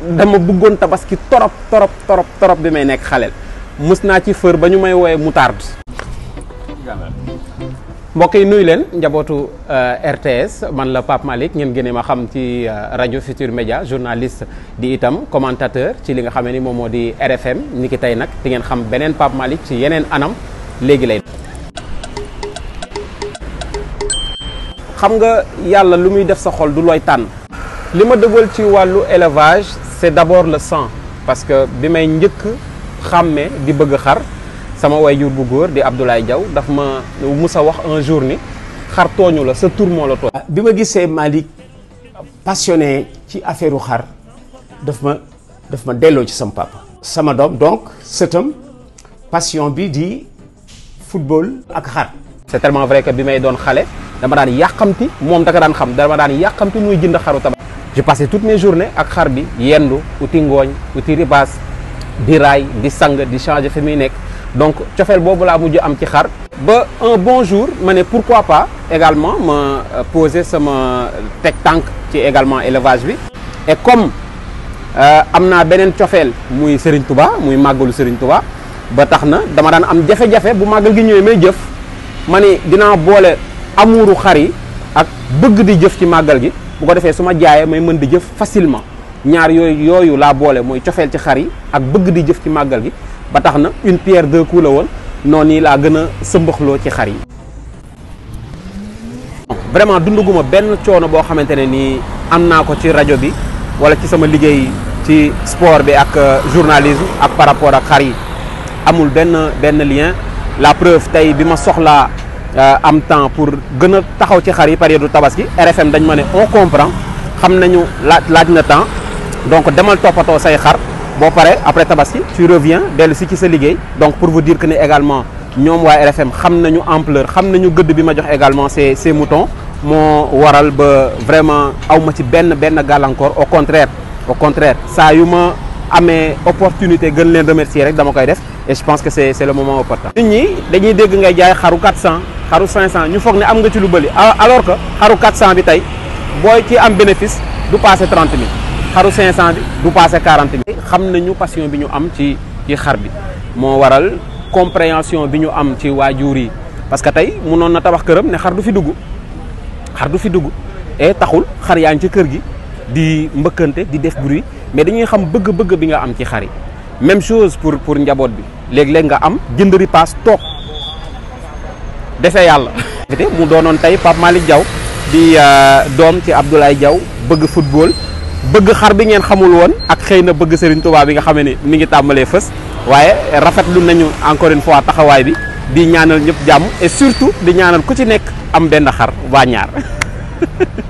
dama bëggoon tabaski torop torop torop torop bi may nekk xalel mës naa ci fër ba ñu may woowee moutarde mbokk yi nuy leen njabootu euh, RTS man la Pape malik ngeen gënee ma xam ci euh, radio future media journaliste di itam commentateur ci li nga xamee ni moom moo di RFM niki ki tey nag di ngeen xam beneen Pape malik ci yeneen anam léegi lay xam nga yàlla lu muy def sa xol du looy tànn li ma dëggal ci wàllu élevage c'est d'abord le sang parce que bi may njëkk di bëgg xar sama waajur bu góor di Abdoulaye Diaw daf ma musa wax un jour ni xar tooñu la sa tur moo la tooñ. bi ma gisee passionné ci affaire u xar daf ma daf ma delloo ci sama papa. sama doom donc sëtam passion bi di football ak xar. c'est tellement vrai que bi may doon xale dama daan yàqamti moom daka daan xam dama daan yàqamti muy jënd xaru tabax je passais toutes mes journées à Kharbi, Yendo, yendu uti ngooñ uti des rails, des sangs, di changer donc un bon jour ma pourquoi pas également ma euh, poser sama tank qui ci également élevage et comme euh, amna benen beneen muy Serigne Touba muy Serigne Touba ba taxna dama suis am jafé jafé bu magal gi à may jëf mané dina bu ko defee su ma may mën di jëf facilement ñaar yooyu yooyu laa boole mooy cofeel ci xari ak bëgg di jëf ci magal gi ba taxna une pierre deux coups la won noonu yi laa gën a ci xari vraiment dunduguma ben choono bo xamante ni amna ko ci radio bi wala ci sama liggéey ci sport bi ak euh, journalisme ak par rapport ak xari amul ben ben lien la preuve tay bima soxla euh, am temps pour gëna taxaw ci xar yi période tabaski RFM dañ mané on comprend xam nañu laaj na temps donc demal topato say xar bo paré après tabaski tu reviens dès le ci sa liguey donc pour vous dire que ne également ñom wa RFM xam nañu ampleur xam nañu gëdd bi ma jox également ces ces moutons mo waral ba vraiment awma ma ci ben gal encore au contraire au contraire saa yuma amé opportunité gën leen remercier rek dama koy def et je pense que c'est c'est le moment opportun nit ñi dañuy dégg ngay jaay xaru 400 xaru 500 ñu fokk am nga ci lu ah, alors que xaru 400 bi tey booy ci am bénéfice du 30 000 xaru 500 bi du 40 000. xam nañu passion bi ñu am ci waral compréhension bi ñu am ci parce que tey mënoon na ne xar du fi xar du fi et taxul xar ci kër gi di di bruit mais dañuy xam bëgg-bëgg bi nga am même chose pour pour njaboot bi léeg-léeg nga am jënd dese yàlla. mu doonoon tey Pape Malick Diaw di euh, doom ci Abdoulaye jaw bëgg football bëgg xar bi ngeen xamul woon ak xëy na bëgg Serigne Touba bi nga xamee ne mi ngi tàmbalee fës waaye rafetlu nañu encore fois taxawaay bi di ñaanal ñëpp jàmm et surtout di ñaanal ku ci nekk am benn xar waa ñaar.